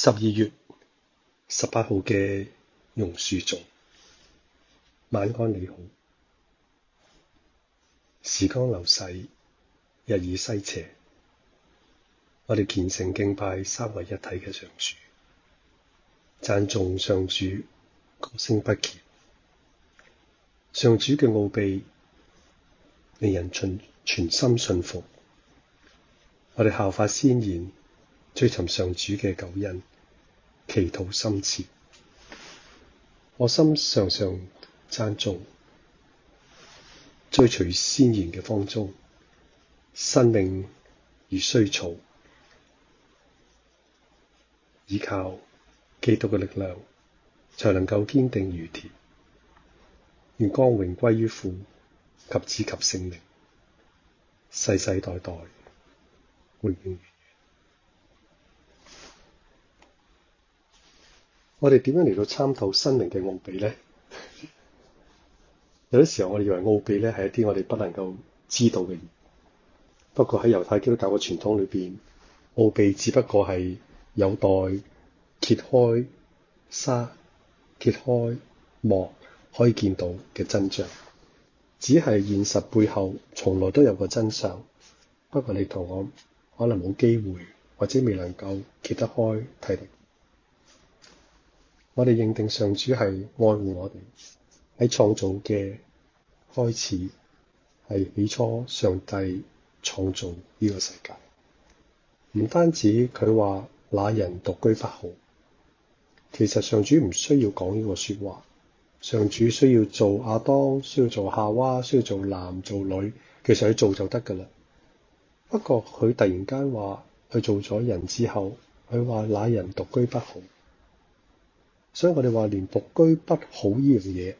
十二月十八號嘅榕樹頌，晚安，你好。時光流逝，日已西斜。我哋虔誠敬拜三位一體嘅上主，讚頌上主高聲不竭。上主嘅奧秘令人全心信服。我哋效法先賢。追尋上主嘅救恩，祈禱心切。我心常常讚頌，追隨先賢嘅芳蹤。生命如衰草，依靠基督嘅力量，才能夠堅定如鐵。願光榮歸於父及子及聖靈，世世代代永遠。我哋點樣嚟到參透生命嘅奧秘呢？ 有啲時候，我哋以為奧秘咧係一啲我哋不能夠知道嘅嘢。不過喺猶太基督教嘅傳統裏邊，奧秘只不過係有待揭開紗、揭開幕可以見到嘅真相。只係現實背後從來都有個真相，不過你同我可能冇機會，或者未能夠揭得開睇。我哋認定上主係愛護我哋喺創造嘅開始，係起初上帝創造呢個世界，唔單止佢話那人獨居不好，其實上主唔需要講呢個說話，上主需要做亞當，需要做夏娃，需要做男做女，其實佢做就得㗎喇。不過佢突然間話佢做咗人之後，佢話那人獨居不好。所以我哋話，連獨居不好呢樣嘢，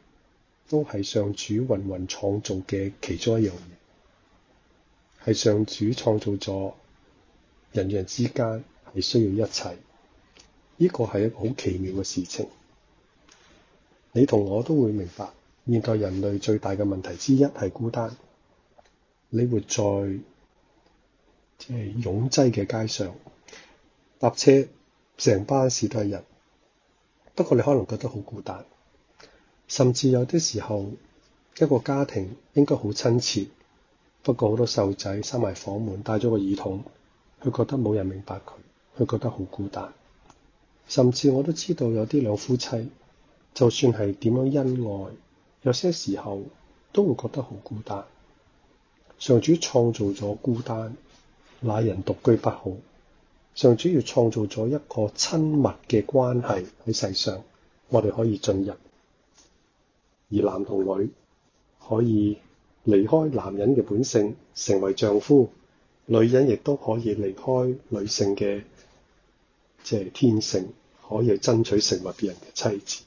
都係上主芸芸創造嘅其中一樣嘢，係上主創造咗人與人之間係需要一切，呢個係一個好奇妙嘅事情。你同我都會明白，現代人類最大嘅問題之一係孤單。你活在即係擁擠嘅街上，搭車成巴士都係人。不過你可能覺得好孤單，甚至有啲時候一個家庭應該好親切。不過好多細仔收埋房門，戴咗個耳筒，佢覺得冇人明白佢，佢覺得好孤單。甚至我都知道有啲老夫妻，就算係點樣恩愛，有些時候都會覺得好孤單。上主創造咗孤單，那人獨居不好。上主要創造咗一個親密嘅關係喺世上，我哋可以進入；而男同女可以離開男人嘅本性，成為丈夫；女人亦都可以離開女性嘅即係天性，可以去爭取成為別人嘅妻子。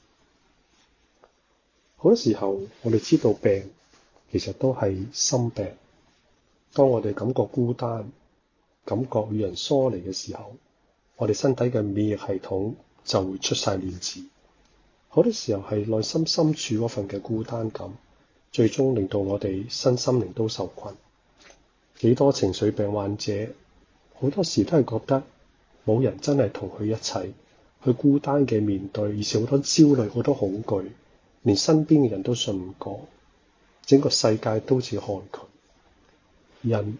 好多時候，我哋知道病其實都係心病，當我哋感覺孤單，感覺與人疏離嘅時候，我哋身體嘅免疫系統就會出晒亂子。好多時候係內心深處嗰份嘅孤單感，最終令到我哋身心靈都受困。幾多情緒病患者，好多時都係覺得冇人真係同佢一齊，佢孤單嘅面對，而且好多焦慮、好多恐懼，連身邊嘅人都信唔過，整個世界都似害佢人。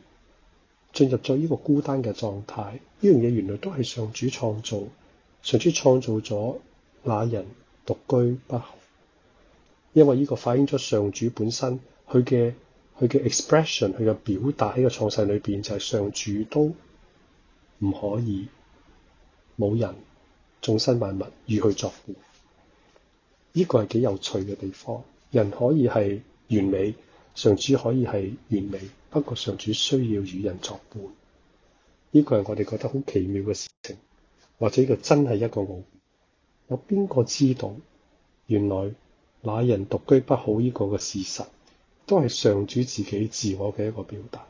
進入咗呢個孤單嘅狀態，呢樣嘢原來都係上主創造，上主創造咗那人獨居不幸，因為呢個反映咗上主本身佢嘅佢嘅 expression，佢嘅表達喺個創世裏邊就係、是、上主都唔可以冇人眾生萬物與佢作伴，呢、這個係幾有趣嘅地方。人可以係完美，上主可以係完美。不過上主需要與人作伴，呢個係我哋覺得好奇妙嘅事情，或者佢真係一個奧。有邊個知道？原來那人獨居不好呢個嘅事實，都係上主自己自我嘅一個表達。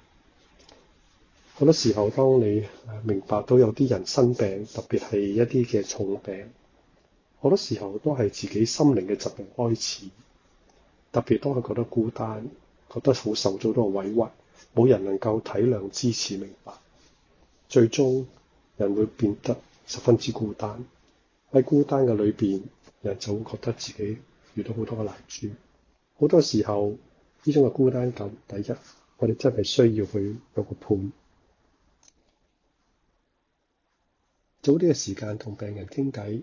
好多時候，當你明白到有啲人生病，特別係一啲嘅重病，好多時候都係自己心靈嘅疾病開始。特別當佢覺得孤單，覺得好受咗好多委屈。冇人能夠體諒、支持、明白，最終人會變得十分之孤單。喺孤單嘅裏邊，人就會覺得自己遇到好多嘅難處。好多時候，呢種嘅孤單感，第一，我哋真係需要去有個伴，早啲嘅時間同病人傾偈。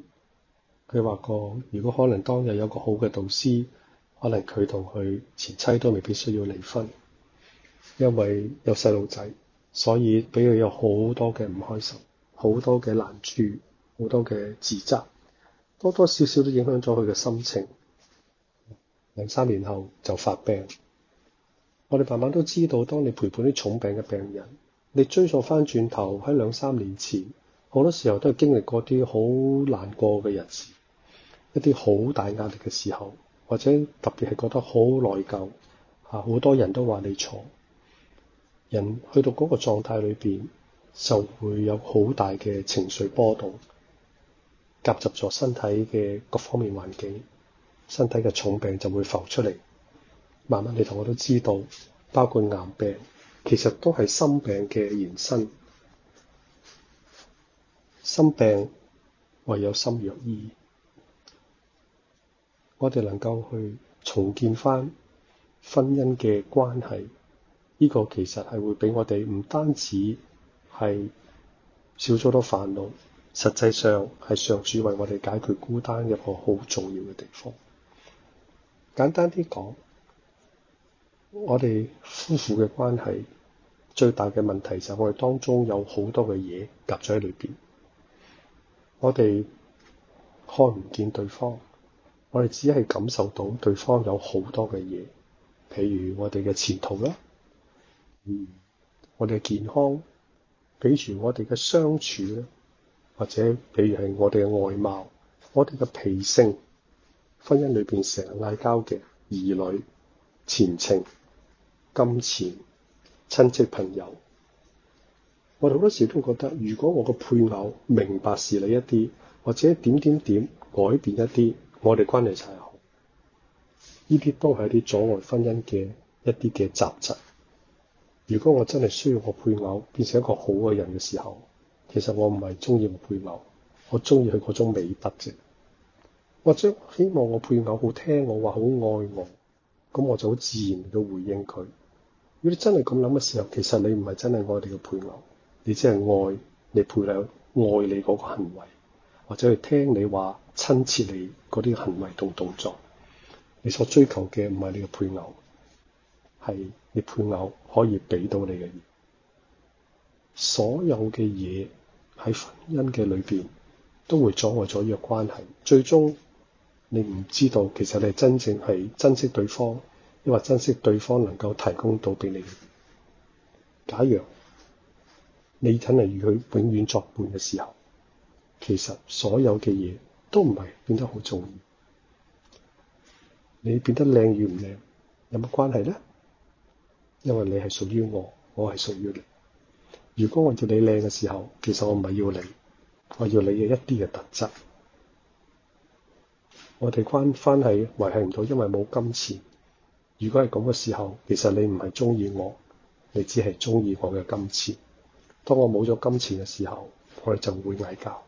佢話過：「如果可能，當日有個好嘅導師，可能佢同佢前妻都未必需要離婚。」因為有細路仔，所以畀佢有好多嘅唔開心，好多嘅難處，好多嘅自責，多多少少都影響咗佢嘅心情。兩三年後就發病。我哋慢慢都知道，當你陪伴啲重病嘅病人，你追溯返轉頭喺兩三年前，好多時候都係經歷過啲好難過嘅日子，一啲好大壓力嘅時候，或者特別係覺得好內疚。嚇，好多人都話你錯。人去到嗰個狀態裏邊，就會有好大嘅情緒波動，夾雜咗身體嘅各方面環境，身體嘅重病就會浮出嚟。慢慢你同我都知道，包括癌病，其實都係心病嘅延伸。心病唯有心藥醫，我哋能夠去重建翻婚姻嘅關係。呢個其實係會俾我哋唔單止係少咗多煩惱，實際上係上主為我哋解決孤單一個好重要嘅地方。簡單啲講，我哋夫婦嘅關係最大嘅問題就係我哋當中有好多嘅嘢夾咗喺裏邊，我哋看唔見對方，我哋只係感受到對方有好多嘅嘢，譬如我哋嘅前途啦。嗯，我哋嘅健康，比如我哋嘅相處咧，或者比如係我哋嘅外貌，我哋嘅脾性，婚姻裏邊成日嗌交嘅兒女、前程、金錢、親戚朋友，我哋好多時都覺得，如果我個配偶明白事理一啲，或者點點點改變一啲，我哋關係就係好。呢啲都係啲阻礙婚姻嘅一啲嘅雜質。如果我真係需要我配偶變成一個好嘅人嘅時候，其實我唔係中意我配偶，我中意佢嗰種美德啫。或者希望我配偶好聽我話，好愛我，咁我就好自然都回應佢。如果你真係咁諗嘅時候，其實你唔係真係愛你嘅配偶，你只係愛你配偶愛你嗰個行為，或者係聽你話親切你嗰啲行為同動作。你所追求嘅唔係你嘅配偶，係。你配偶可以俾到你嘅嘢，所有嘅嘢喺婚姻嘅裏邊都會阻礙咗呢個關係。最終你唔知道，其實你係真正係珍惜對方，抑或珍惜對方能夠提供到俾你嘅。假如你睇嚟與佢永遠作伴嘅時候，其實所有嘅嘢都唔係變得好重要。你變得靚與唔靚有乜關係咧？因為你係屬於我，我係屬於你。如果我要你靚嘅時候，其實我唔係要你，我要你嘅一啲嘅特質。我哋關翻係維繫唔到，因為冇金錢。如果係咁嘅時候，其實你唔係中意我，你只係中意我嘅金錢。當我冇咗金錢嘅時候，我哋就會嗌交，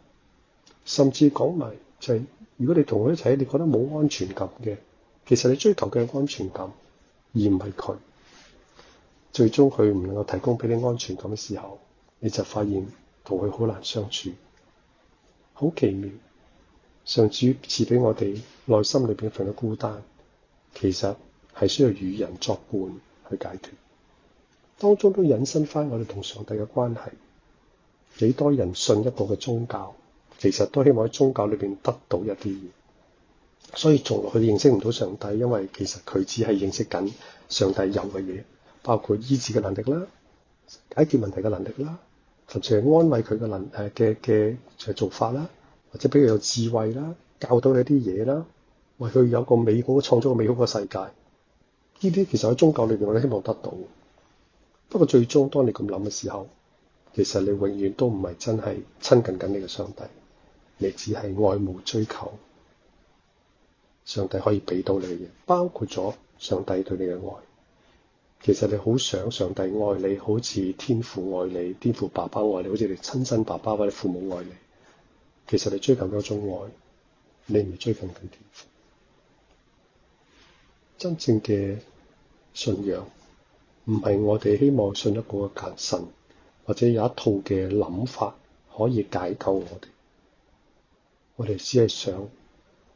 甚至講埋就係：如果你同佢一齊，你覺得冇安全感嘅，其實你追求嘅安全感而唔係佢。最終佢唔能夠提供俾你安全感嘅時候，你就發現同佢好難相處，好奇妙。上主賜俾我哋內心裏邊份嘅孤單，其實係需要與人作伴去解決，當中都引申翻我哋同上帝嘅關係。幾多人信一個嘅宗教，其實都希望喺宗教裏邊得到一啲嘢，所以從來佢認識唔到上帝，因為其實佢只係認識緊上帝有嘅嘢。包括醫治嘅能力啦，解決問題嘅能力啦，甚至係安慰佢嘅能誒嘅嘅做法啦，或者俾佢有智慧啦，教到你啲嘢啦，為佢有個美好嘅創造個美好嘅世界，呢啲其實喺宗教裏邊我哋希望得到。不過最終當你咁諗嘅時候，其實你永遠都唔係真係親近緊你嘅上帝，你只係愛慕追求上帝可以俾到你嘅嘢，包括咗上帝對你嘅愛。其實你好想上帝愛你，好似天父愛你，天父爸爸愛你，好似你親生爸爸或者父母愛你。其實你追求嗰種愛，你唔係追求緊天父。真正嘅信仰唔係我哋希望信得過嘅神，或者有一套嘅諗法可以解救我哋。我哋只係想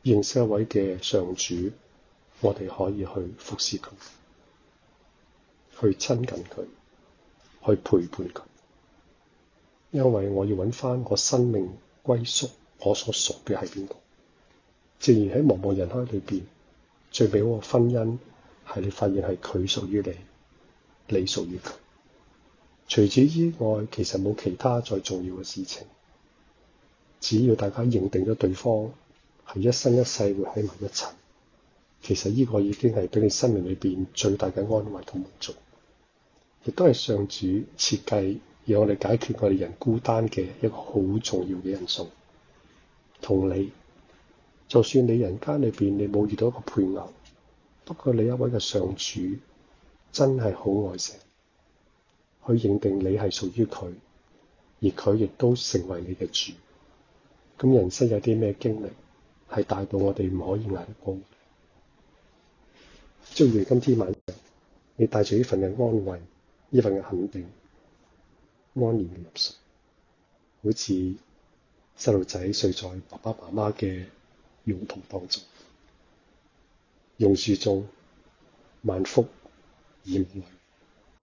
認識一位嘅上主，我哋可以去服侍佢。去親近佢，去陪伴佢，因為我要揾翻我生命歸宿，我所屬嘅係邊個？正如喺茫茫人海裏邊，最美好嘅婚姻係你發現係佢屬於你，你屬於佢。除此之外，其實冇其他再重要嘅事情。只要大家認定咗對方係一生一世會喺埋一齊，其實呢個已經係俾你生命裏邊最大嘅安慰同滿足。亦都係上主設計，讓我哋解決我哋人孤單嘅一個好重要嘅因素。同你，就算你人間裏邊你冇遇到一個配偶，不過你一位嘅上主真係好愛錫，佢認定你係屬於佢，而佢亦都成為你嘅主。咁人生有啲咩經歷係大到我哋唔可以捱得過？正如今天晚上，你帶住呢份嘅安慰。呢份嘅肯定，安然入睡，好似細路仔睡在爸爸媽媽嘅擁抱當中，用書中萬福延來。